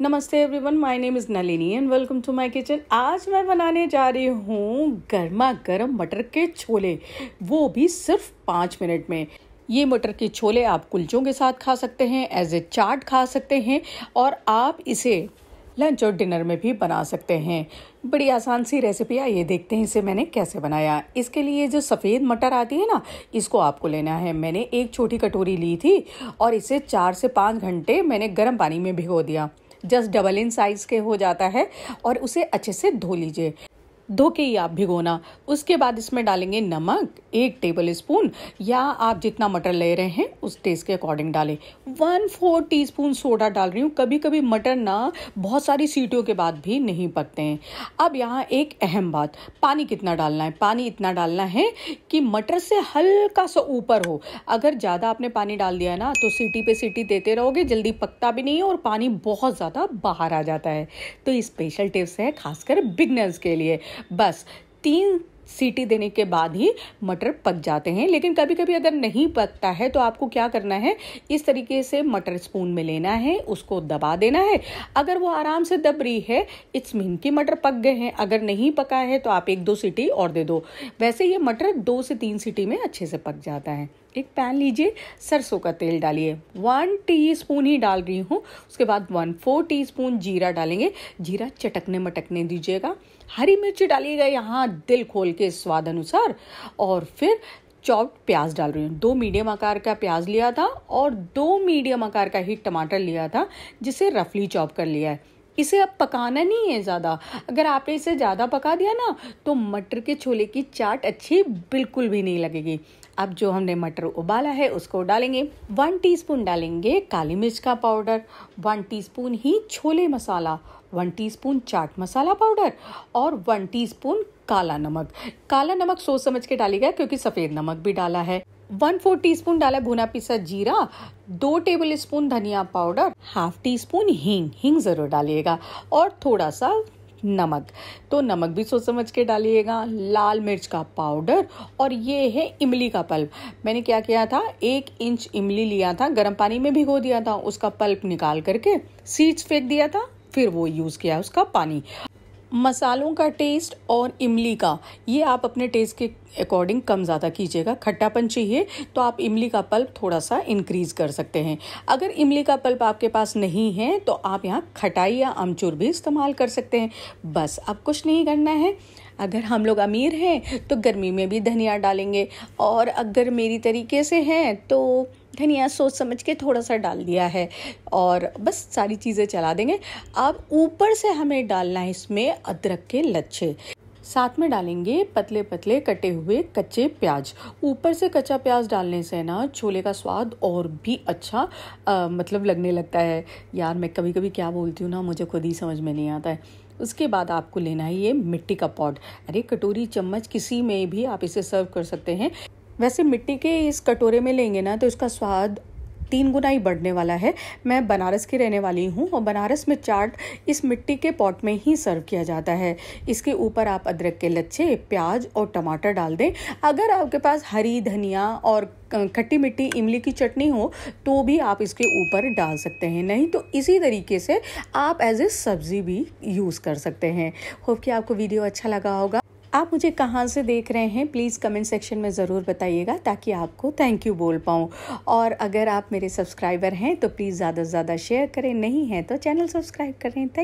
नमस्ते everyone my name is Nalini and welcome to my kitchen आज मैं बनाने जा रही हूँ गर्मा गर्म मटर के छोले वो भी सिर्फ पाँच मिनट में ये मटर के छोले आप कुलचों के साथ खा सकते हैं एज ए चाट खा सकते हैं और आप इसे लंच और डिनर में भी बना सकते हैं बड़ी आसान सी रेसिपी है ये देखते हैं इसे मैंने कैसे बनाया इसके लिए जो सफ़ेद मटर आती है ना इसको आपको लेना है मैंने एक छोटी कटोरी ली थी और इसे चार से पाँच घंटे मैंने गर्म पानी में भिगो दिया जस्ट डबल इन साइज़ के हो जाता है और उसे अच्छे से धो लीजिए धो के ही आप भिगोना उसके बाद इसमें डालेंगे नमक एक टेबल स्पून या आप जितना मटर ले रहे हैं उस टेस्ट के अकॉर्डिंग डालें one four teaspoon soda डाल रही हूँ कभी कभी मटर ना बहुत सारी सीटियों के बाद भी नहीं पकते हैं अब यहाँ एक अहम बात पानी कितना डालना है पानी इतना डालना है कि मटर से हल्का सा ऊपर हो अगर ज़्यादा आपने पानी डाल दिया ना तो सीटी पे सीटी देते रहोगे जल्दी पकता भी नहीं है और पानी बहुत ज़्यादा बाहर आ जाता है तो ये स्पेशल टिप्स है खासकर बिगनर्स के लिए बस तीन सीटी देने के बाद ही मटर पक जाते हैं लेकिन कभी कभी अगर नहीं पकता है तो आपको क्या करना है इस तरीके से मटर स्पून में लेना है उसको दबा देना है अगर वो आराम से दब रही है इट्स मीन की मटर पक गए हैं अगर नहीं पका है तो आप एक दो सीटी और दे दो वैसे ये मटर दो से तीन सीटी में अच्छे से पक जाता है एक पैन लीजिए सरसों का तेल डालिए वन टीस्पून ही डाल रही हूँ उसके बाद वन फोर टीस्पून जीरा डालेंगे जीरा चटकने मटकने दीजिएगा हरी मिर्ची डालिएगा यहाँ दिल खोल के स्वाद अनुसार और फिर चॉप्ड प्याज डाल रही हूँ दो मीडियम आकार का प्याज लिया था और दो मीडियम आकार का ही टमाटर लिया था जिसे रफली चॉप कर लिया है इसे अब पकाना नहीं है ज़्यादा अगर आपने इसे ज़्यादा पका दिया ना तो मटर के छोले की चाट अच्छी बिल्कुल भी नहीं लगेगी अब जो हमने मटर उबाला है उसको डालेंगे वन टीस्पून डालेंगे काली मिर्च का पाउडर वन टीस्पून ही छोले मसाला वन टीस्पून चाट मसाला पाउडर और वन टीस्पून काला नमक काला नमक सोच समझ के डालेगा क्योंकि सफ़ेद नमक भी डाला है वन फोर टी स्पून डाला है भुना पिसा जीरा दो टेबल स्पून धनिया पाउडर हाफ टी स्पून हींग हींग ज़रूर डालिएगा और थोड़ा सा नमक तो नमक भी सोच समझ के डालिएगा लाल मिर्च का पाउडर और ये है इमली का पल्प मैंने क्या किया था एक इंच इमली लिया था गर्म पानी में भिगो दिया था उसका पल्प निकाल करके सीड्स फेंक दिया था फिर वो यूज़ किया उसका पानी मसालों का टेस्ट और इमली का ये आप अपने टेस्ट के अकॉर्डिंग कम ज़्यादा कीजिएगा खट्टापन चाहिए तो आप इमली का पल्प थोड़ा सा इंक्रीज कर सकते हैं अगर इमली का पल्प आपके पास नहीं है तो आप यहाँ खटाई या अमचूर भी इस्तेमाल कर सकते हैं बस अब कुछ नहीं करना है अगर हम लोग अमीर हैं तो गर्मी में भी धनिया डालेंगे और अगर मेरी तरीके से हैं तो धनिया सोच समझ के थोड़ा सा डाल दिया है और बस सारी चीज़ें चला देंगे अब ऊपर से हमें डालना है इसमें अदरक के लच्छे साथ में डालेंगे पतले पतले कटे हुए कच्चे प्याज ऊपर से कच्चा प्याज डालने से ना छोले का स्वाद और भी अच्छा आ, मतलब लगने लगता है यार मैं कभी कभी क्या बोलती हूँ ना मुझे खुद ही समझ में नहीं आता है उसके बाद आपको लेना है ये मिट्टी का पॉट अरे कटोरी चम्मच किसी में भी आप इसे सर्व कर सकते हैं वैसे मिट्टी के इस कटोरे में लेंगे ना तो इसका स्वाद तीन गुना ही बढ़ने वाला है मैं बनारस की रहने वाली हूँ और बनारस में चाट इस मिट्टी के पॉट में ही सर्व किया जाता है इसके ऊपर आप अदरक के लच्छे प्याज और टमाटर डाल दें अगर आपके पास हरी धनिया और खट्टी मिट्टी इमली की चटनी हो तो भी आप इसके ऊपर डाल सकते हैं नहीं तो इसी तरीके से आप एज ए सब्ज़ी भी यूज़ कर सकते हैं होप कि आपको वीडियो अच्छा लगा होगा आप मुझे कहाँ से देख रहे हैं प्लीज़ कमेंट सेक्शन में ज़रूर बताइएगा ताकि आपको थैंक यू बोल पाऊँ और अगर आप मेरे सब्सक्राइबर हैं तो प्लीज़ ज़्यादा से ज़्यादा शेयर करें नहीं हैं तो चैनल सब्सक्राइब करें थैंक